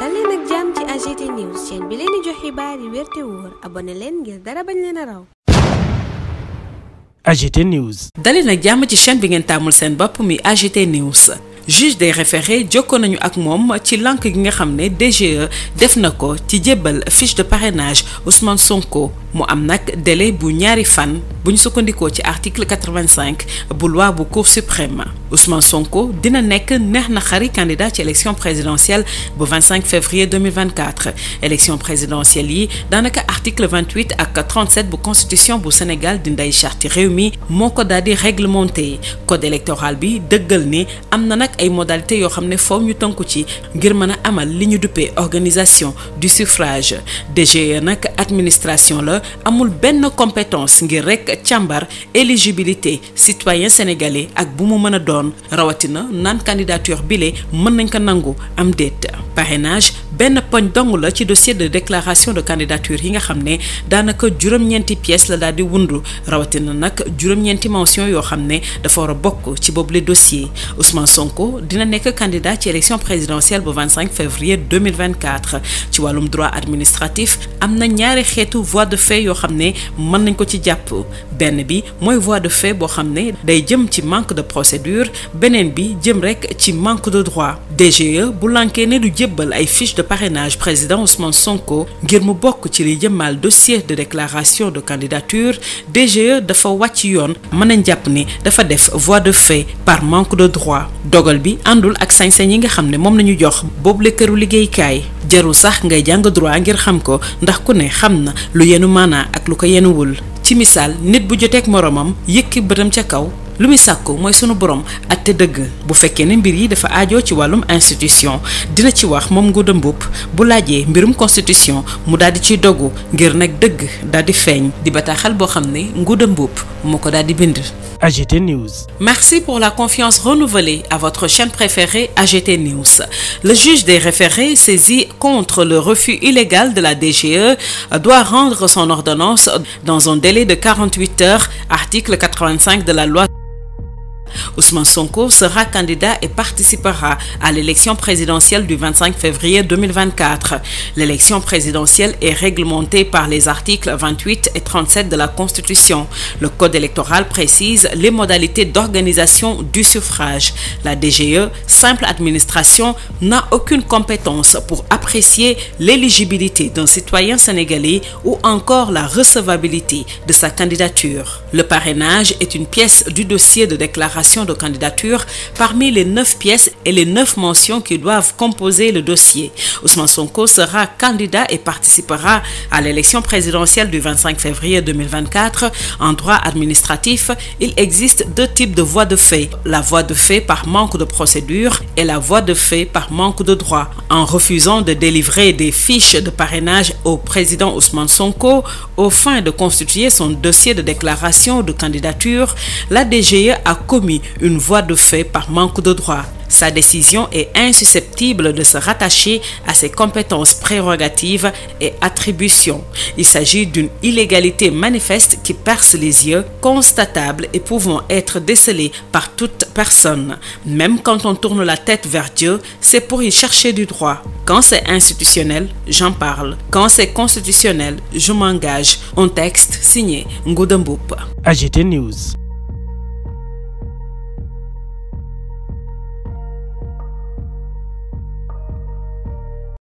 dal leen ak jàmm ci AGT news chaîne bi leen di jox xibaar yi wér te wóor abonné leen ngir dara bañ leen a raw. AGT news. dalee nag jàmm ci chaîne bi ngeen tàmmul seen bopp mi AGT news. juge des référés jokkoo nañu ak moom ci lank gi nga xam ne DGE def na ko ci jébbal fiche de parrainage Ousmane Sonko mu am nag délai bu ñaari fan bu ñu sukkandikoo ci article 85 bu loi bu cour suprême Ousmane Sonko dina nekk neex na xari candidat ci élection présidentielle bu 25 février 2024 élection présidentielle yi daanaka article 28 ak 37 bu constitution bu Sénégal di ndey charte réew mi moo ko daal di réglementé code électoral bi dëggal ni am na nag ay modalités yoo xam ne foow ñu tënku ci ngir mën a amal li ñu duppee organisation du suffrage DGE nag administration la amul benn compétence ngir rek càmbar éligibilité citoyen sénégalais ak bu mu mën a doon rawatina naan candidature bile mën nañ ko nangu am déet parrainage benn poñ dong la ci dossier de déclaration de candidature yi nga xam ne daanaka juróom-ñeenti pièces la daal di wundu rawatina nag juróom-ñeenti mention yoo xam ne dafa war a bokk ci boobule dossier Ousmane Sonko dina nekk candidat ci élection présidentielle bu 25 février 2024 ci wàllum droit administratif am na ñaari xeetu voie de fait yoo xam ne mën nañ ko ci jàpp benn bi mooy voie de fait boo xam ne day jëm ci manque de procédure beneen bi jëm rek ci manque de droit DGE bu ne du jébbal ay fiche parrainage président Ousmane Sonko ngir mu bokk ci li jëmmal dossier de déclaration de candidature DGE dafa wàcc yoon mën nañ jàpp ni dafa def voie de fait par manque de droit dogal bi àndul ak sañ-sañ yi nga xam ne moom nañu jox boobule këru liggéeykaay jarul sax ngay jàng droit ngir xam ko ndax ku ne xam na lu yenu maanaa ak lu ko yenuwul ci misaal nit bu joteek moroomam yëkk bëtam ca kaw lu muy sàkku mooy sunu borom te dëgg bu fekkee ne mbir yi dafa aajoo ci wàllum institution dina ci wax moom Ngouda Mboup bu laajee mbirum constitution mu daal di ciy dogu ngir nag dëgg daal di feeñ di bataaxal boo xam ne Ngouda Mboup moo ko daal di bind. AGT News. Merci pour la confiance renouvelée à votre chaîne préférée AGT News. Le juge des référés saisi contre le refus illégal de la DGE doit rendre son ordonnance dans un délai de 48 heures, article 85 de la loi. Ousmane Sonko sera candidat et participera à l'élection présidentielle du 25 février 2024. L'élection présidentielle est réglementée par les articles 28 et 37 de la Constitution. Le Code électoral précise les modalités d'organisation du suffrage. La DGE, simple administration, n'a aucune compétence pour apprécier l'éligibilité d'un citoyen sénégalais ou encore la recevabilité de sa candidature. Le parrainage est une pièce du dossier de déclaration de candidature parmi les neuf pièces et les neuf mentions qui doivent composer le dossier. Ousmane Sonko sera candidat et participera à l'élection présidentielle du 25 février 2024. En droit administratif, il existe deux types de voies de fait. La voie de fait par manque de procédure et la voie de fait par manque de droit. En refusant de délivrer des fiches de parrainage au président Ousmane Sonko aux fins de constituer son dossier de déclaration de candidature, la une voie de fait par manque de droit. Sa décision est insusceptible de se rattacher à ses compétences prérogatives et attributions. Il s'agit d'une illégalité manifeste qui perce les yeux, constatable et pouvant être décelée par toute personne. Même quand on tourne la tête vers Dieu, c'est pour y chercher du droit. Quand c'est institutionnel, j'en parle. Quand c'est constitutionnel, je m'engage. Un texte signé Ngouda Mboup. AGT